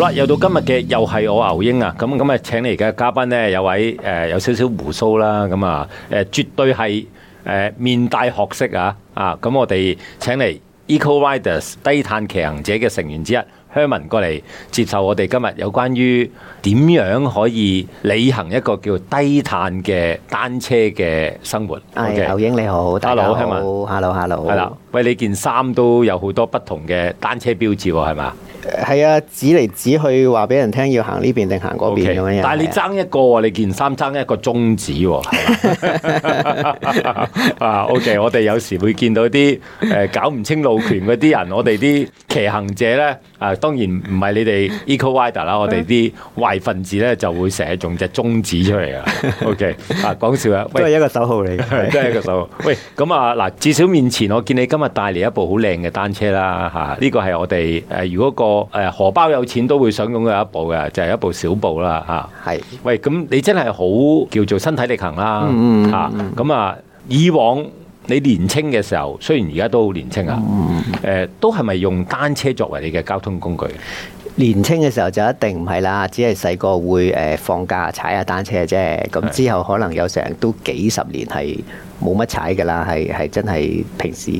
好啦，又到今日嘅，又係我牛英啊！咁咁啊，請嚟嘅嘉賓呢，有位誒，有少少胡鬚啦，咁啊，誒，絕對係誒，面帶學識啊！啊，咁我哋請嚟 Eco Riders 低碳騎行者嘅成員之一 Herman 過嚟接受我哋今日有關於點樣可以履行一個叫低碳嘅單車嘅生活。係、okay? 牛英你好，大家好，Hello，Hello，係啦，喂，你件衫都有好多不同嘅單車標誌喎，係嘛？係啊，指嚟指去，話俾人聽要行呢邊定行嗰邊咁樣。但係你爭一個喎，你件衫爭一個中指喎。啊 ，OK，我哋有時會見到啲誒搞唔清路權嗰啲人， 我哋啲騎行者咧啊，當然唔係你哋 Eco-Riders 啦， 我哋啲壞分子咧就會成日用隻中指出嚟噶。OK，啊，講笑啦，都係一個手號嚟，嘅。 都係一個手號。喂，咁啊嗱，至少面前我見你今日帶嚟一部好靚嘅單車啦，吓，呢個係我哋誒，如果個。誒荷包有錢都會想擁有一部嘅，就係、是、一部小步啦吓。係、啊，是喂，咁你真係好叫做身體力行啦吓。咁、嗯嗯嗯、啊，以往你年青嘅時候，雖然而家都好年青嗯嗯嗯啊，誒，都係咪用單車作為你嘅交通工具？年青嘅時候就一定唔係啦，只係細個會誒放假踩下單車啫。咁之後可能有成都幾十年係冇乜踩㗎啦，係、係真係平時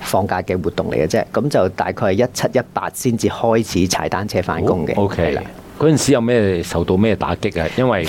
放假嘅活動嚟嘅啫，咁就大概係一七一八先至開始踩單車返工嘅。Oh, okay. 嗰陣時有咩受到咩打擊啊？因為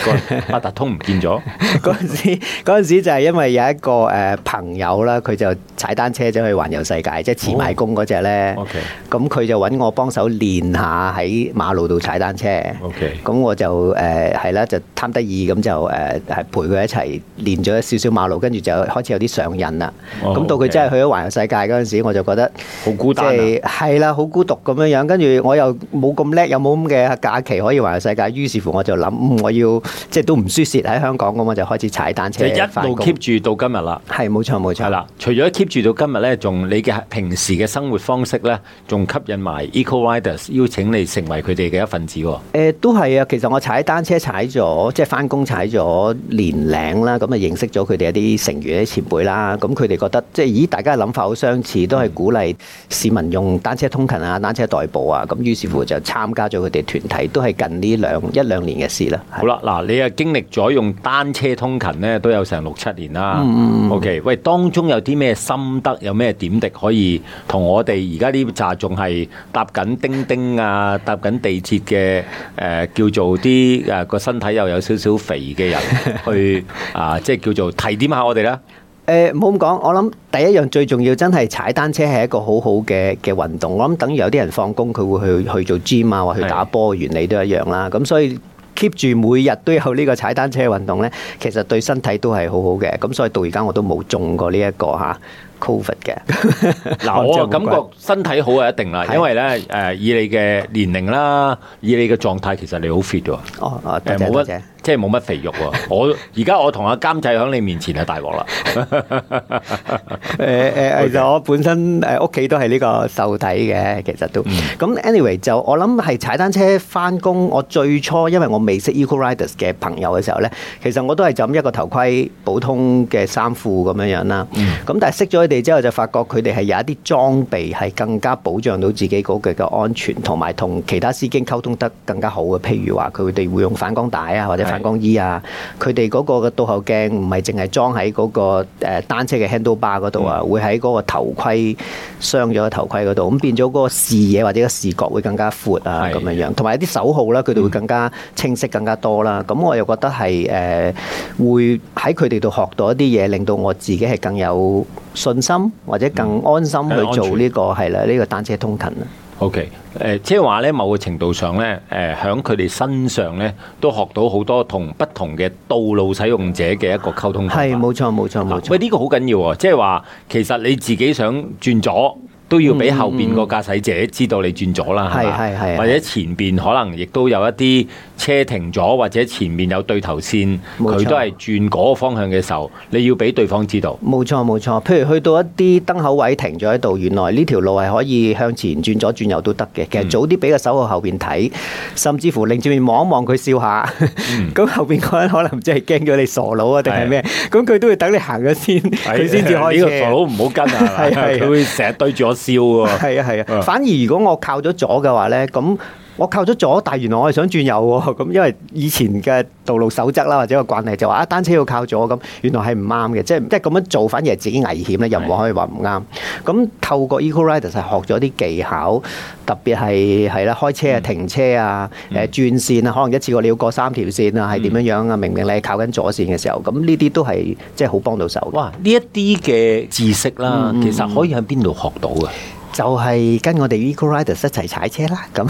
八達通唔見咗。嗰陣 時嗰陣時就係因為有一個誒、呃、朋友啦，佢就踩單車走去環遊世界，即係慈眉公嗰隻咧。咁佢、oh, okay. 就揾我幫手練下喺馬路度踩單車。咁 Okay. 我就誒係、呃、啦，就貪得意咁就誒係、呃、陪佢一齊練咗一少少馬路，跟住就開始有啲上癮啦。咁、oh, okay. 到佢真係去咗環遊世界嗰陣時，我就覺得好孤單啊。即係係啦，好孤獨咁樣樣，跟住我又冇咁叻，又冇咁嘅假期。可以環遊世界，於是乎我就諗，我要即係都唔輸蝕喺香港咁，我就開始踩單車。就一路 keep 住到今日啦。係冇錯冇錯。係啦，除咗 keep 住到今日咧，仲你嘅平時嘅生活方式咧，仲吸引埋 Eco-Riders，邀請你成為佢哋嘅一份子。誒，都係啊！其實我踩單車踩咗，即係翻工踩咗年零啦，咁啊認識咗佢哋一啲成員、啲前輩啦，咁佢哋覺得即係咦，大家嘅諗法好相似，都係鼓勵市民用單車通勤啊、單車代步啊，咁於是乎就參加咗佢哋團體，都。係近呢兩一兩年嘅事啦。好啦，嗱，你啊經歷咗用單車通勤咧，都有成六七年啦。嗯、o、okay, K，喂，當中有啲咩心得，有咩點滴可以同我哋而家呢紮仲係搭緊叮叮啊，搭緊地鐵嘅誒叫做啲誒個身體又有少少肥嘅人 去啊、呃，即係叫做提點下我哋咧。誒，唔好咁講，我諗第一樣最重要，真係踩單車係一個好好嘅嘅運動。我諗等於有啲人放工，佢會去去做 gym 啊，或去打波，原理都一樣啦。咁所以 keep 住每日都有呢個踩單車運動咧，其實對身體都係好好嘅。咁所以到而家我都冇中過呢一個吓 COVID 嘅。嗱，我啊感覺身體好啊，一定啦。因為咧，誒，以你嘅年齡啦，以你嘅狀態，其實你好 fit 到。哦哦，多謝多謝。即係冇乜肥肉喎、啊！ 我而家我同阿監製喺你面前就大鑊啦！誒誒，其實我本身誒屋企都係呢個瘦體嘅，其實都咁。嗯、anyway 就我諗係踩單車返工，我最初因為我未識 Eco-Riders 嘅朋友嘅時候咧，其實我都係就咁一個頭盔、普通嘅衫褲咁樣樣啦。咁但係識咗佢哋之後，就發覺佢哋係有一啲裝備係更加保障到自己嗰個嘅安全，同埋同其他司機溝通得更加好嘅。譬如話，佢哋會用反光帶啊，或者，反光衣啊，佢哋嗰個嘅倒後鏡唔係淨係裝喺嗰個誒單車嘅 handlebar 嗰度啊，嗯、會喺嗰個頭盔，傷咗頭盔嗰度，咁變咗個視野或者個視覺會更加闊啊咁樣的樣，同埋有啲手號啦，佢哋會更加清晰、嗯、更加多啦。咁我又覺得係誒、呃、會喺佢哋度學到一啲嘢，令到我自己係更有信心或者更安心去做呢、呢個係啦，呢、呢個單車通勤。O.K.，誒即係話咧，某個程度上咧，誒喺佢哋身上咧，都學到好多同不同嘅道路使用者嘅一個溝通方法。係，冇錯，冇錯，冇錯、啊。喂，呢、這個好緊要喎、啊，即係話其實你自己想轉左。都要俾後邊個駕駛者知道你轉左啦，係嘛？或者前邊可能亦都有一啲車停咗，或者前邊有對頭線，佢都係轉嗰個方向嘅時候，你要俾對方知道。冇錯冇錯，譬如去到一啲燈口位停咗喺度，原來呢條路係可以向前轉左轉右都得嘅。其實早啲俾個手號後邊睇，甚至乎令前面望一望佢笑下，咁後邊嗰人可能真係驚咗你傻佬啊定係咩？咁佢都會等你行咗先，佢先至開車。呢個傻佬唔好跟啊，佢會成日對住我。笑喎，係啊，係啊， 反而如果我靠咗左嘅話咧，咁。我靠咗左，但係原來我係想轉右喎。咁因為以前嘅道路守則啦，或者個慣例就話啊單車要靠左咁，原來係唔啱嘅。即係即係咁樣做，反而係自己危險咧，又唔可以話唔啱。咁是透過 Eco-Riders 係學咗啲技巧，特別係係啦，開車啊、停車啊、誒轉、嗯、線啊，可能一次過你要過三條線啊，係點樣樣啊？嗯、明明你係靠緊左線嘅時候，咁呢啲都係即係好幫到手。哇！呢一啲嘅知識啦，其實可以喺邊度學到嘅？嗯就係跟我哋 Eco-Riders 一齊踩車啦，咁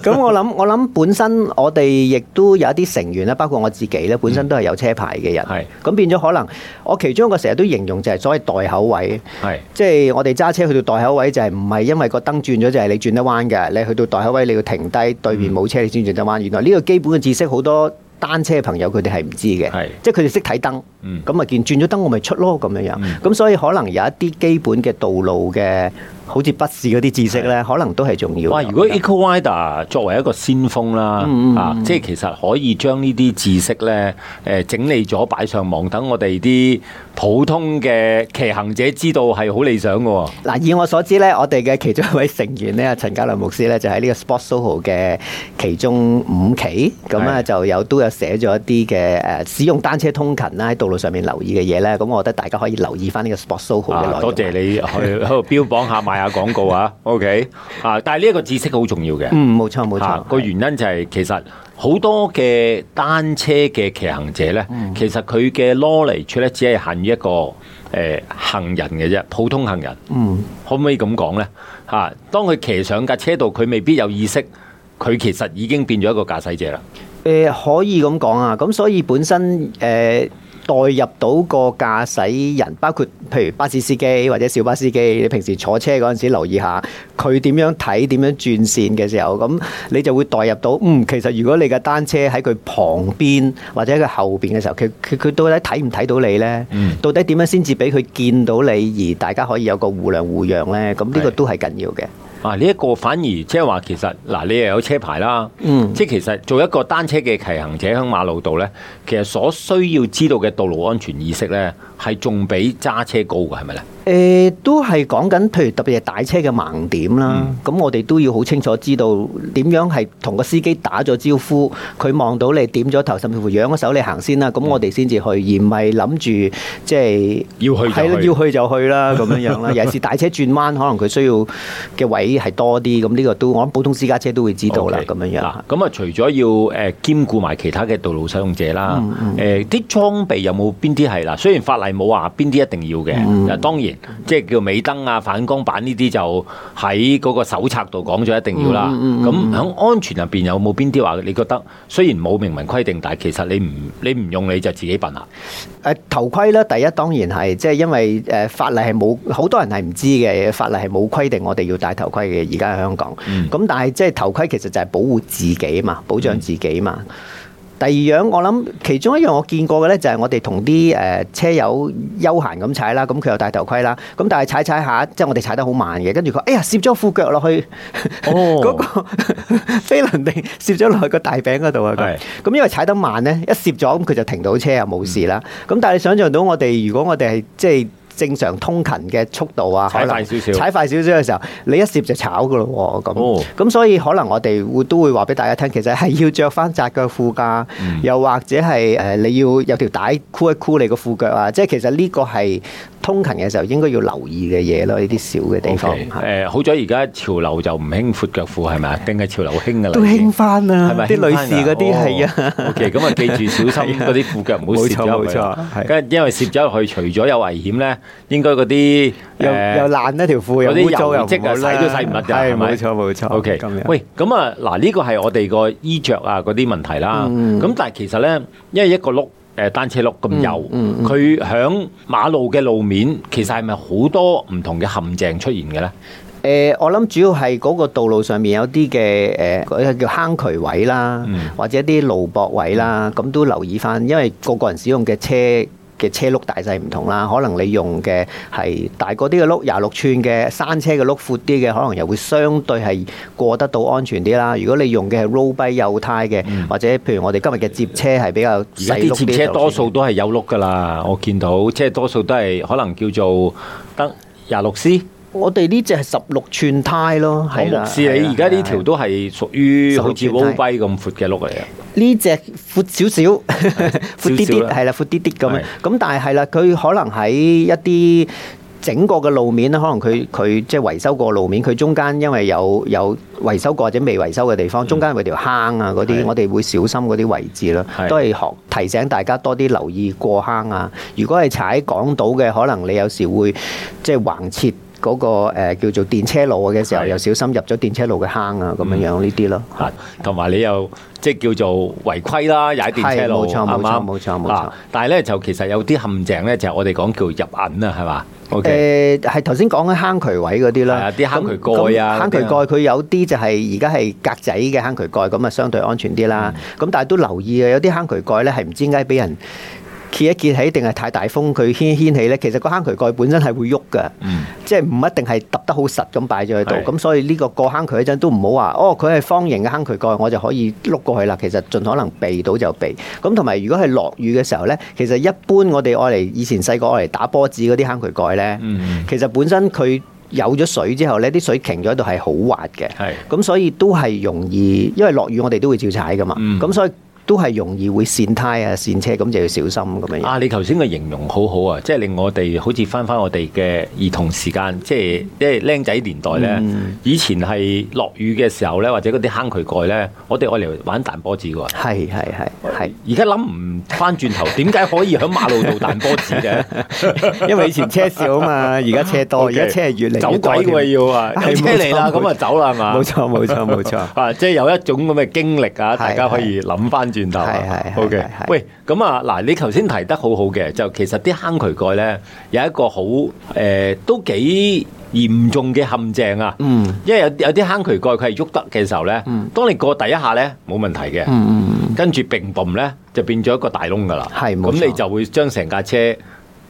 咁 我諗我諗本身我哋亦都有一啲成員啦，包括我自己咧，本身都係有車牌嘅人。係咁、嗯、變咗可能我其中一個成日都形容就係所謂代口位，係是即係我哋揸車去到代口位，就係唔係因為個燈轉咗就係、是、你轉得彎㗎？你去到代口位，你要停低，對面冇車你先轉得彎。原來呢個基本嘅知識好多單車嘅朋友佢哋係唔知嘅，是即係佢哋識睇燈。嗯，咁咪見轉咗燈，我咪出咯，咁樣樣，咁、嗯、所以可能有一啲基本嘅道路嘅，好似筆試嗰啲知識咧，的可能都係重要。哇！如果 Eco Rider 作為一個先鋒啦，嗯、啊，即係其實可以將呢啲知識咧，誒、呃、整理咗擺上網等我哋啲普通嘅騎行者知道係好理想嘅喎。嗱，以我所知咧，我哋嘅其中一位成員咧，阿陳家良牧師咧，就喺、是、呢個 Sport Soho 嘅其中五期，咁啊就有都的有寫咗一啲嘅誒使用單車通勤啦，喺道路。上面留意嘅嘢咧，咁我覺得大家可以留意翻呢個 Sportsoho 嘅內容、啊、多謝你去喺度標榜下賣 下廣告啊！OK 啊，但係呢一個知識好重要嘅。嗯，冇錯冇錯。個、啊、原因就係、是、其實好多嘅單車嘅騎行者咧，嗯、其實佢嘅 knowledge 咧，只係限於一個誒、呃、行人嘅啫，普通行人。嗯，可唔可以咁講咧？嚇、啊，當佢騎上架車度，佢未必有意識，佢其實已經變咗一個駕駛者啦。誒、呃，可以咁講啊！咁所以本身誒。呃代入到個駕駛人，包括譬如巴士司機或者小巴司機，你平時坐車嗰陣時留意下佢點樣睇、點樣轉線嘅時候，咁你就會代入到，嗯，其實如果你嘅單車喺佢旁邊或者喺佢後邊嘅時候，佢佢到底睇唔睇到你呢？嗯、到底點樣先至俾佢見到你，而大家可以有個互諒互讓呢，咁呢個都係緊要嘅。啊！呢、這、一個反而即係話，其實嗱，你又有車牌啦，嗯、即係其實做一個單車嘅騎行者喺馬路度咧，其實所需要知道嘅道路安全意識咧，係仲比揸車高嘅，係咪咧？誒都係講緊，譬如特別係大車嘅盲點啦。咁我哋都要好清楚知道點樣係同個司機打咗招呼，佢望到你點咗頭，甚至乎仰個手你行先啦。咁我哋先至去，而唔係諗住即係要去就係啦，要去就去啦咁樣樣啦。尤其是大車轉彎，可能佢需要嘅位係多啲。咁呢個都我諗普通私家車都會知道啦。咁樣樣嗱，咁啊除咗要誒兼顧埋其他嘅道路使用者啦，誒啲裝備有冇邊啲係嗱？雖然法例冇話邊啲一定要嘅，嗱當然。即係叫尾燈啊、反光板呢啲就喺嗰個手冊度講咗一定要啦。咁喺、嗯嗯嗯、安全入邊有冇邊啲話？你覺得雖然冇明文規定，但係其實你唔你唔用你就自己笨啦、啊。誒、啊，頭盔咧，第一當然係即係因為誒法例係冇好多人係唔知嘅，法例係冇規定我哋要戴頭盔嘅。而家喺香港，咁、嗯、但係即係頭盔其實就係保護自己嘛，保障自己嘛。嗯第二樣我諗，其中一樣我見過嘅咧，就係我哋同啲誒車友悠閒咁踩啦，咁佢又戴頭盔啦，咁但係踩踩下，即係我哋踩得好慢嘅，跟住佢，哎呀，攝咗褲腳落去，嗰、哦 嗰個飛輪定攝咗落去個大餅嗰度啊！咁是的 因為踩得慢咧，一攝咗咁佢就停到車啊，冇事啦。咁、嗯、但係你想像到我哋，如果我哋係即係。正常通勤嘅速度啊，踩快少少，踩快少少嘅時候，你一攝就炒噶咯喎，咁，咁、哦、所以可能我哋會都會話俾大家聽，其實係要着翻窄腳褲架，嗯、又或者係誒、呃、你要有條帶箍一箍你個褲腳啊，即、就、係、是、其實呢個係。通勤嘅時候應該要留意嘅嘢咯，呢啲小嘅地方嚇。好彩而家潮流就唔興闊腳褲係咪啊？定係潮流興嘅嚟嘅。都興翻啦，係咪？啲女士嗰啲係啊。OK，咁啊，記住小心嗰啲褲腳唔好攝咗佢。冇錯冇錯，跟因為攝咗入去，除咗有危險咧，應該嗰啲又又爛一條褲，有污糟又積啊，洗都洗唔甩㗎。係咪？冇錯冇錯。OK，咁喂，咁啊嗱，呢個係我哋個衣着啊嗰啲問題啦。咁但係其實咧，因為一個轆。誒單車轆咁幼，佢響、嗯嗯、馬路嘅路面，其實係咪好多唔同嘅陷阱出現嘅呢？呃、我諗主要係嗰個道路上面有啲嘅誒，叫坑渠位啦，嗯、或者啲路駁位啦，咁、嗯、都留意返，因為個個人使用嘅車。嘅車轆大細唔同啦，可能你用嘅係大個啲嘅轆，廿六寸嘅山車嘅轆，闊啲嘅，可能又會相對係過得到安全啲啦。如果你用嘅係 road bike 幼胎嘅，嗯、或者譬如我哋今日嘅接車係比較細轆啲。而家啲接車多數都係有轆㗎啦，我見到，即係多數都係可能叫做得廿六 C。我哋呢隻係十六寸胎咯，係啦。我望住你而家呢條都係屬於好似烏龜咁闊嘅碌嚟。呢隻闊少少，闊啲啲，係少啦，闊啲啲咁。咁少但係係啦，佢可能喺一啲整個嘅路面咧，可能佢佢即係維修過路面，佢中間因為有有維修過或者未維修嘅地方，中間有條坑啊嗰啲，我哋會小心嗰啲位置啦。都係學提醒大家多啲留意過坑啊。如果係踩港島嘅，可能你有時會即係橫切，嗰個誒叫做電車路嘅時候，又小心入咗電車路嘅坑啊，咁樣樣呢啲咯。啊，同埋你又即係叫做違規啦，踩電車路啱唔啱？冇錯冇錯冇錯冇錯。但係咧就其實有啲陷阱咧，就係我哋講叫入銀啊，係嘛？OK，誒係頭先講嘅坑渠位嗰啲啦，啲坑渠蓋啊，坑渠蓋佢有啲就係而家係格仔嘅坑渠蓋，咁啊相對安全啲啦。咁但係都留意啊，有啲坑渠蓋咧係唔知點解俾人揭一揭起定係太大風佢掀掀起咧，其實個坑渠蓋本身係會喐嘅。嗯、即係唔一定係揼得好實咁擺咗喺度。咁是的 所以呢個過坑渠一陣都唔好話哦，佢係方形嘅坑渠蓋，我就可以碌過去啦。其實盡可能避到就避。咁同埋如果係落雨嘅時候咧，其實一般我哋愛嚟以前細個愛嚟打波子嗰啲坑渠蓋咧，嗯嗯其實本身佢有咗水之後咧，啲水瓊咗喺度係好滑嘅。係咁所以都係容易，因為落雨我哋都會照踩噶嘛。咁所以。都係容易會跣胎啊、跣車咁，就要小心咁樣。啊！你頭先嘅形容好好啊，即係令我哋好似翻翻我哋嘅兒童時間，即係即係僆仔年代咧。以前係落雨嘅時候咧，或者嗰啲坑渠蓋咧，我哋愛嚟玩彈波子㗎。係係係係。而家諗唔翻轉頭，點解可以喺馬路度彈波子嘅？因為以前車少啊嘛，而家車多，而家車係越嚟走鬼㗎要啊，有車嚟啦，咁啊走啦係嘛？冇錯冇錯冇錯啊！即係有一種咁嘅經歷啊，大家可以諗翻住。源頭啊，好嘅。喂，咁啊，嗱，你頭先提得好好嘅，就其實啲坑渠蓋咧有一個好誒、呃，都幾嚴重嘅陷阱啊。嗯，因為有有啲坑渠蓋佢係喐得嘅時候咧，嗯、當你過第一,一下咧冇問題嘅，嗯嗯，跟住並冚咧就變咗一個大窿噶啦，係咁、嗯、你就會將成架車。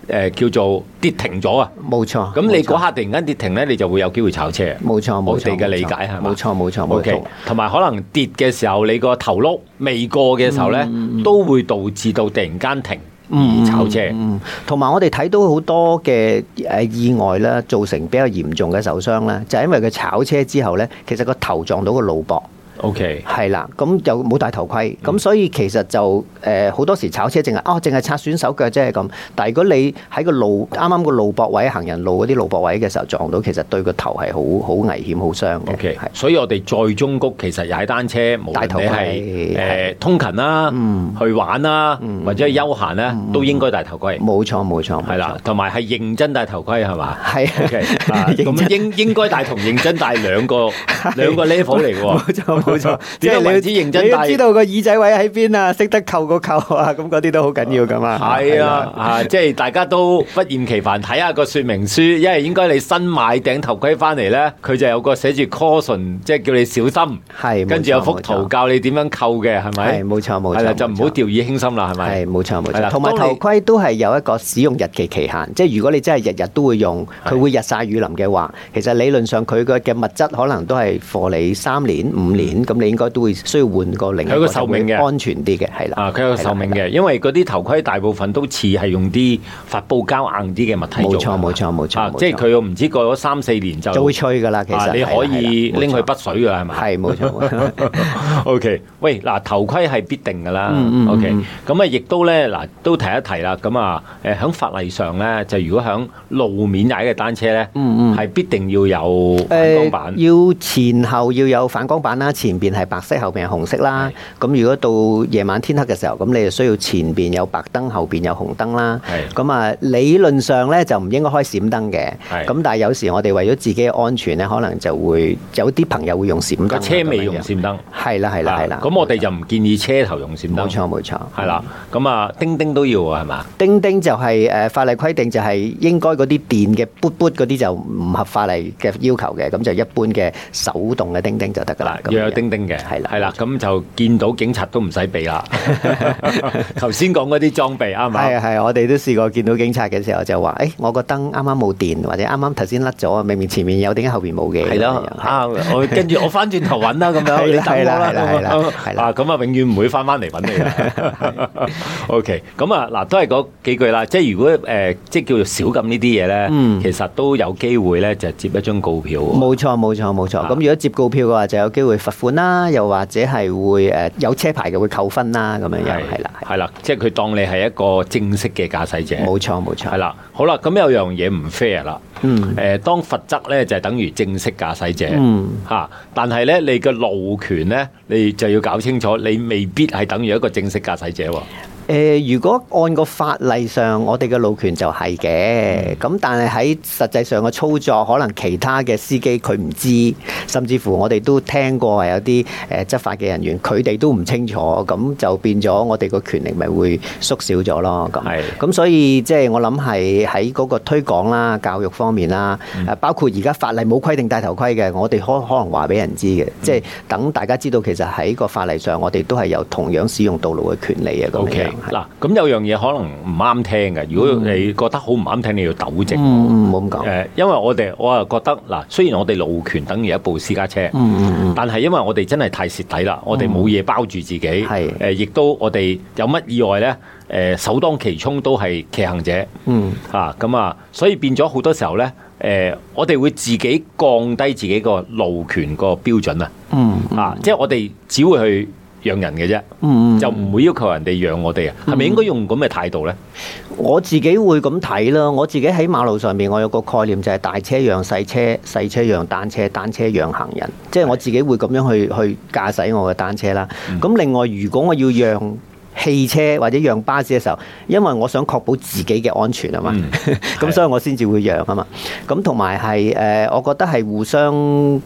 誒叫做跌停咗啊！冇錯，咁你嗰刻突然間跌停呢，你就會有機會炒車。冇錯，冇錯。我哋嘅理解係冇錯，冇 Okay, 錯。O K，同埋可能跌嘅時候，嗯、你個頭碌未過嘅時候呢，嗯、都會導致到突然間停、嗯、而炒車。嗯，同、嗯、埋我哋睇到好多嘅誒意外啦，造成比較嚴重嘅受傷啦，就係、是、因為佢炒車之後呢，其實個頭撞到個腦噃。O.K. 係啦，咁又冇戴頭盔，咁所以其實就誒好多時炒車凈係啊，凈係擦損手腳啫咁。但係如果你喺個路啱啱個路駁位、行人路嗰啲路駁位嘅時候撞到，其實對個頭係好好危險、好傷嘅。O.K. 係，所以我哋在中谷其實踩單車冇戴頭盔，誒通勤啦，去玩啦，或者係休閒咧，都應該戴頭盔。冇錯，冇錯，係啦，同埋係認真戴頭盔係嘛？係。O.K. 咁應應該戴同認真戴兩個兩個 level 嚟嘅喎。冇錯，即係你要知，認真要知道個耳仔位喺邊啊？識得扣個扣啊！咁嗰啲都好緊要噶嘛。係啊，啊，即係大家都不厭其煩睇下個說明書，因為應該你新買頂頭盔翻嚟咧，佢就有個寫住 caution，即係叫你小心。係。跟住有幅圖教你點樣扣嘅，係咪？係，冇錯冇錯。就唔好掉以輕心啦，係咪？係，冇錯冇錯。同埋頭盔都係有一個使用日期期限，即係如果你真係日日都會用，佢會日曬雨淋嘅話，其實理論上佢嘅嘅物質可能都係貨你三年五年。咁你應該都會需要換個零件，安全啲嘅，係啦。啊，佢有個壽命嘅，因為嗰啲頭盔大部分都似係用啲發泡膠硬啲嘅物體。冇錯，冇錯，冇錯。即係佢又唔知過咗三四年就會脆㗎啦。其實你可以拎去畢水㗎，係咪？係冇錯。O K，喂，嗱頭盔係必定㗎啦。O K，咁啊，亦都咧嗱，都提一提啦。咁啊，誒，喺法例上咧，就如果喺路面踩嘅單車咧，嗯係必定要有反光板，要前後要有反光板啦，前邊係白色，後邊係紅色啦。咁是的 如果到夜晚天黑嘅時候，咁你就需要前邊有白燈，後邊有紅燈啦。咁啊是的、嗯，理論上咧就唔應該開閃燈嘅。咁是的 但係有時我哋為咗自己嘅安全咧，可能就會有啲朋友會用閃燈。車尾用閃燈。係啦，係啦，係啦。咁我哋就唔建議車頭用閃燈。冇錯，冇錯。係啦。咁啊，叮叮都要啊，係嘛、嗯嗯嗯？叮叮就係誒法例規定就係應該嗰啲電嘅砵砵嗰啲就唔合法例嘅要求嘅，咁就一般嘅手動嘅叮叮就得㗎啦。嗯叮叮嘅，係啦，係啦，咁就見到警察都唔使避啦。頭先講嗰啲裝備啱嘛？係係，我哋都試過見到警察嘅時候就話，誒，我個燈啱啱冇電，或者啱啱頭先甩咗，明明前面有，點解後邊冇嘅？係咯，啱。我跟住我翻轉頭揾啦，咁樣你等我啦，咁樣係啦，係啦。嗱，咁啊，永遠唔會翻翻嚟揾你啦。OK，咁啊，嗱，都係講幾句啦。即係如果誒，即係叫做少撳呢啲嘢咧，其實都有機會咧，就接一張告票。冇錯，冇錯，冇錯。咁如果接告票嘅話，就有機會罰款啦，又或者係會誒有車牌嘅會扣分啦，咁樣又係啦，係啦，即係佢當你係一個正式嘅駕駛者，冇錯冇錯，係啦，好啦，咁有樣嘢唔 fair 啦，誒、嗯呃，當罰則咧就係、是、等於正式駕駛者，嚇、嗯，但係咧你嘅路權咧，你就要搞清楚，你未必係等於一個正式駕駛者喎、哦。誒，如果按個法例上，我哋嘅路權就係嘅，咁但係喺實際上嘅操作，可能其他嘅司機佢唔知，甚至乎我哋都聽過係有啲誒執法嘅人員，佢哋都唔清楚，咁就變咗我哋個權力咪會縮小咗咯，咁，咁所以即係我諗係喺嗰個推廣啦、教育方面啦，誒包括而家法例冇規定戴頭盔嘅，我哋可可能話俾人知嘅，即係等大家知道其實喺個法例上，我哋都係有同樣使用道路嘅權利嘅咁樣。嗱，咁是有樣嘢可能唔啱聽嘅，如果你覺得好唔啱聽，你要糾正。唔好咁講。誒、呃，因為我哋我啊覺得，嗱，雖然我哋路權等於一部私家車，嗯嗯、但係因為我哋真係太蝕底啦，嗯、我哋冇嘢包住自己，係亦、嗯呃、都我哋有乜意外呢？誒、呃，首當其衝都係騎行者，嗯，嚇咁啊，啊，所以變咗好多時候呢，誒、呃，我哋會自己降低自己個路權個標準啊，嗯，啊，即係我哋只會去。讓人嘅啫，嗯、就唔會要求人哋讓我哋啊，係咪、嗯、應該用咁嘅態度呢我？我自己會咁睇咯，我自己喺馬路上面，我有個概念就係、是、大車讓細車，細車讓單車，單車讓行人，即、就、係、是、我自己會咁樣去去駕駛我嘅單車啦。咁另外，如果我要讓汽車或者讓巴士嘅時候，因為我想確保自己嘅安全啊嘛，咁、嗯、 所以我先至會讓啊嘛。咁同埋係誒，我覺得係互相。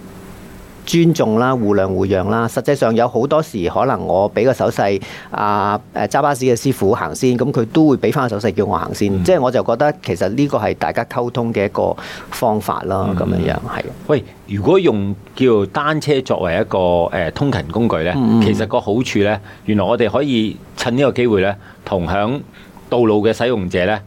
尊重啦，互諒互讓啦。實際上有好多時可能我俾個手勢啊誒，揸巴士嘅師傅先行先，咁佢都會俾翻個手勢叫我先行先。嗯、即係我就覺得其實呢個係大家溝通嘅一個方法咯，咁樣、嗯、樣，係，喂，如果用叫單車作為一個誒、啊、通勤工具咧，嗯、其實個好處咧，原來我哋可以趁個呢個機會咧，同響道路嘅使用者咧。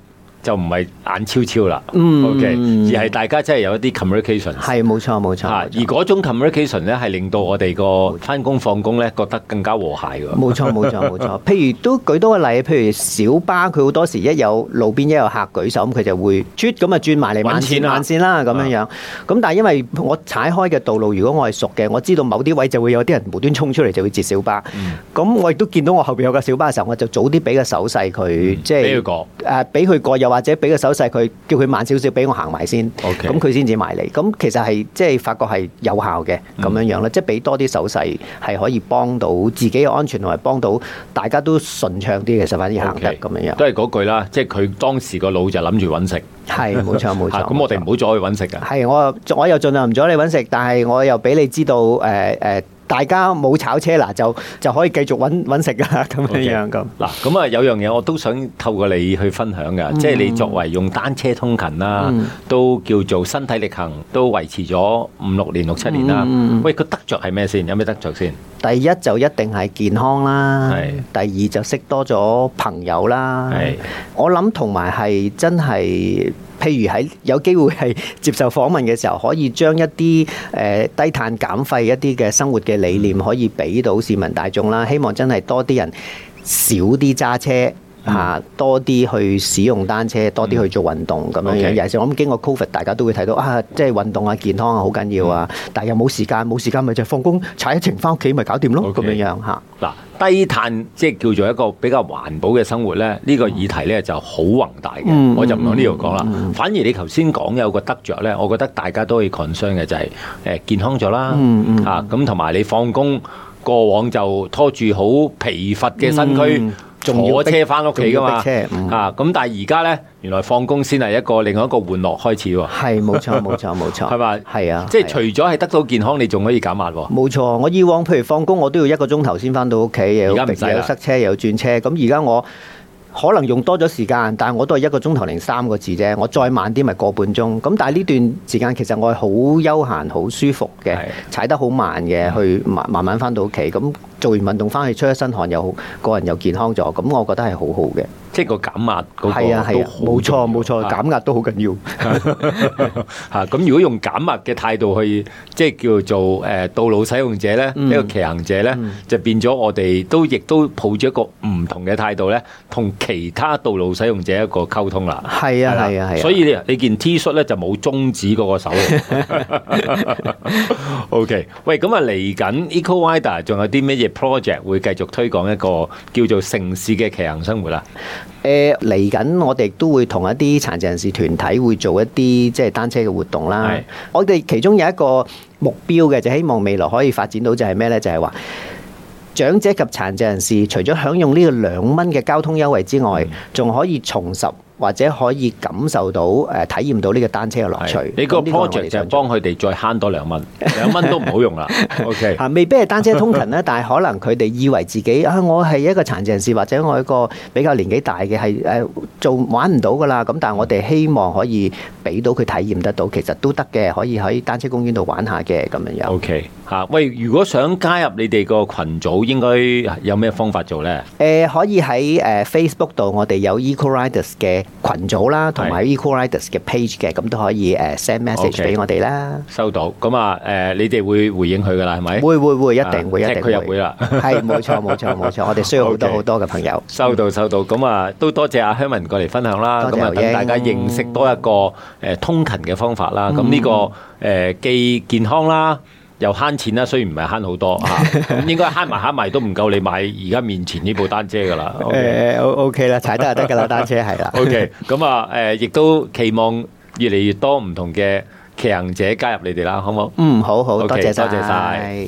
就唔係眼超超啦，嗯，而係大家真係有一啲 communication，係冇錯冇錯，而嗰種 communication 咧，係令到我哋個返工放工咧覺得更加和諧喎。冇錯冇錯冇錯，譬如都舉多個例，譬如小巴佢好多時一有路邊一有客舉手咁，佢就會轉，咁啊，轉埋嚟慢線啦慢線啦咁樣樣咁，但係因為我踩開嘅道路如果我係熟嘅，我知道某啲位就會有啲人無端衝出嚟就會截小巴。咁我亦都見到我後邊有個小巴嘅時候，我就早啲俾個手勢佢，即係俾佢過。誒俾佢過又或者俾個手勢佢，佢叫佢慢少少，俾我行埋先，咁佢先至埋嚟。咁其實係即係發覺係有效嘅咁、嗯、樣樣咧，即係俾多啲手勢係可以幫到自己嘅安全同埋幫到大家都順暢啲嘅，實反而行得咁樣樣。都係嗰句啦，即係佢當時個腦就諗住揾食。係冇錯冇錯。咁、 啊、我哋唔好阻去揾食㗎。係我我又盡量唔阻你揾食，但係我又俾你知道誒誒。呃呃呃大家冇炒車嗱，就就可以繼續揾揾食噶咁樣 Okay. 樣咁。嗱，咁啊有樣嘢我都想透過你去分享噶，嗯、即係你作為用單車通勤啦，嗯、都叫做身體力行，都維持咗五六年、六七年啦。喂，個得着係咩先？有咩得着先？第一就一定係健康啦，是的 第二就識多咗朋友啦。是的 我諗同埋係真係，譬如喺有機會係接受訪問嘅時候，可以將一啲、呃、低碳減廢一啲嘅生活嘅理念，可以俾到市民大眾啦。希望真係多啲人少啲揸車。嚇多啲去使用單車，多啲去做運動咁樣樣。尤其是我諗經過 COVID，大家都會睇到啊，即係運動啊、健康啊好緊要啊。但係又冇時間？冇時間咪就放工踩一程翻屋企咪搞掂咯。咁樣樣嚇。嗱，低碳即係叫做一個比較環保嘅生活咧。呢個議題咧就好宏大嘅。我就唔喺呢度講啦。反而你頭先講有個得着咧，我覺得大家都可以 concern 嘅就係誒健康咗啦嚇。咁同埋你放工過往就拖住好疲乏嘅身軀。坐車翻屋企噶嘛，車嗯、啊咁！但係而家呢，原來放工先係一個另外一個玩樂開始喎。係冇錯冇錯冇錯，係咪？係 吧啊，即係除咗係得到健康，你仲、啊啊、可以減壓喎。冇錯，我以往譬如放工，我都要一個鐘頭先翻到屋企，又又塞車，又要轉車。咁而家我。可能用多咗時間，但係我都係一個鐘頭零三個字啫。我再慢啲咪個半鐘咁，但係呢段時間其實我係好休閒、好舒服嘅，踩得好慢嘅，去慢慢慢翻到屋企。咁做完運動翻去出一身汗又好，個人又健康咗，咁我覺得係好好嘅。即係個減壓嗰個都好，冇錯冇錯，減壓都好緊要嚇。咁如果用減壓嘅態度去，即係叫做誒道路使用者咧，呢個騎行者咧，就變咗我哋都亦都抱住一個唔同嘅態度咧，同其他道路使用者一個溝通啦。係啊係啊係啊！所以你件 T 恤咧就冇中指嗰個手。OK，喂，咁啊嚟緊 Eco-Riders 仲有啲咩嘢 project 會繼續推廣一個叫做城市嘅騎行生活啊？誒，嚟緊、呃、我哋都會同一啲殘疾人士團體會做一啲即係單車嘅活動啦。是我哋其中有一個目標嘅就是，希望未來可以發展到就係咩呢？就係、是、話長者及殘疾人士除咗享用呢個兩蚊嘅交通優惠之外，仲、嗯、可以重拾。或者可以感受到誒體驗到呢個單車嘅樂趣。你個 project 就係幫佢哋再慳多兩蚊，兩蚊都唔好用啦。O K 嚇，未必係單車通勤咧，但係可能佢哋以為自己啊，我係一個殘疾人士，或者我一個比較年紀大嘅係誒做玩唔到噶啦。咁但係我哋希望可以俾到佢體驗得到，其實都得嘅，可以喺單車公園度玩下嘅咁樣樣。O K 嚇，喂，如果想加入你哋個羣組，應該有咩方法做咧？誒，可以喺誒 Facebook 度，我哋有 Eco-Riders 嘅。群組啦，同埋 Eco-Riders 嘅 page 嘅，咁都可以誒 send message 俾我哋啦。收到，咁啊誒，你哋會回應佢噶啦，係咪？會會會，一定會一定會。即係佢入會啦。係冇錯冇錯冇錯，我哋需要好多好多嘅朋友。收到收到，咁啊都多謝阿 Herman 過嚟分享啦。咁啊，等大家認識多一個誒通勤嘅方法啦。咁呢個誒既健康啦。又慳錢啦，雖然唔係慳好多嚇、 啊，應該慳埋慳埋都唔夠你買而家面前呢部單車噶啦。誒 O K 啦，踩得就得噶啦，單車係啦。O K，咁啊誒，亦都期望越嚟越多唔同嘅騎行者加入你哋啦，好唔好？嗯，好好，okay，多謝多謝晒。